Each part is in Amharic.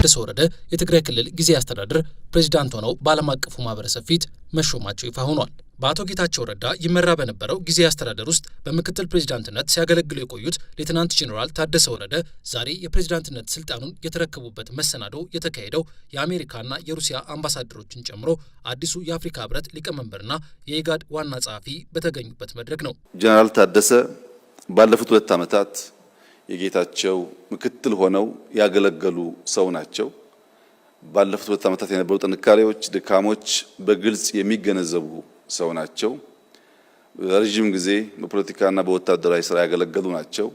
ታደሰ ወረደ የትግራይ ክልል ጊዜ አስተዳደር ፕሬዚዳንት ሆነው በዓለም አቀፉ ማህበረሰብ ፊት መሾማቸው ይፋ ሆኗል። በአቶ ጌታቸው ረዳ ይመራ በነበረው ጊዜ አስተዳደር ውስጥ በምክትል ፕሬዚዳንትነት ሲያገለግሉ የቆዩት ሌትናንት ጄኔራል ታደሰ ወረደ ዛሬ የፕሬዚዳንትነት ስልጣኑን የተረከቡበት መሰናዶ የተካሄደው የአሜሪካና የሩሲያ አምባሳደሮችን ጨምሮ አዲሱ የአፍሪካ ህብረት ሊቀመንበርና የኢጋድ ዋና ጸሐፊ በተገኙበት መድረክ ነው። ጄኔራል ታደሰ ባለፉት ሁለት ዓመታት የጌታቸው ምክትል ሆነው ያገለገሉ ሰው ናቸው። ባለፉት ሁለት ዓመታት የነበሩ ጥንካሬዎች፣ ድካሞች በግልጽ የሚገነዘቡ ሰው ናቸው። ረዥም ጊዜ በፖለቲካና በወታደራዊ ስራ ያገለገሉ ናቸው።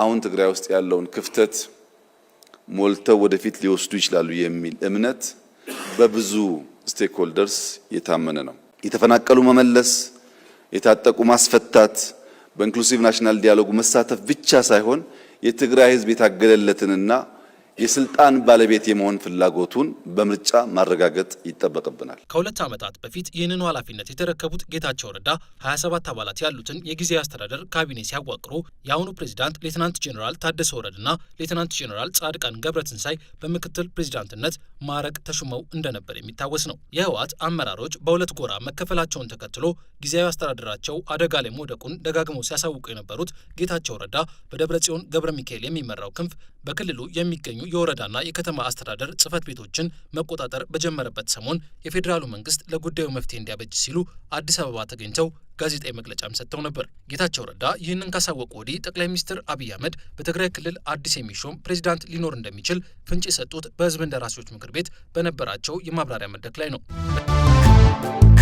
አሁን ትግራይ ውስጥ ያለውን ክፍተት ሞልተው ወደፊት ሊወስዱ ይችላሉ የሚል እምነት በብዙ ስቴክሆልደርስ የታመነ ነው። የተፈናቀሉ መመለስ፣ የታጠቁ ማስፈታት፣ በኢንክሉሲቭ ናሽናል ዲያሎግ መሳተፍ ብቻ ሳይሆን የትግራይ ህዝብ የታገለለትንና የስልጣን ባለቤት የመሆን ፍላጎቱን በምርጫ ማረጋገጥ ይጠበቅብናል። ከሁለት ዓመታት በፊት ይህንኑ ኃላፊነት የተረከቡት ጌታቸው ረዳ 27 አባላት ያሉትን የጊዜ አስተዳደር ካቢኔ ሲያዋቅሩ የአሁኑ ፕሬዚዳንት ሌትናንት ጄኔራል ታደሰ ወረደና ሌትናንት ጄኔራል ጻድቃን ገብረትንሳይ በምክትል ፕሬዚዳንትነት ማዕረግ ተሹመው እንደነበር የሚታወስ ነው። የህወሓት አመራሮች በሁለት ጎራ መከፈላቸውን ተከትሎ ጊዜያዊ አስተዳደራቸው አደጋ ላይ መውደቁን ደጋግመው ሲያሳውቁ የነበሩት ጌታቸው ረዳ በደብረ ጽዮን ገብረ ሚካኤል የሚመራው ክንፍ በክልሉ የሚገኙ የወረዳና የከተማ አስተዳደር ጽህፈት ቤቶችን መቆጣጠር በጀመረበት ሰሞን የፌዴራሉ መንግስት ለጉዳዩ መፍትሄ እንዲያበጅ ሲሉ አዲስ አበባ ተገኝተው ጋዜጣዊ መግለጫም ሰጥተው ነበር። ጌታቸው ረዳ ይህንን ካሳወቁ ወዲህ ጠቅላይ ሚኒስትር አብይ አህመድ በትግራይ ክልል አዲስ የሚሾም ፕሬዚዳንት ሊኖር እንደሚችል ፍንጭ የሰጡት በህዝብ እንደራሴዎች ምክር ቤት በነበራቸው የማብራሪያ መድረክ ላይ ነው።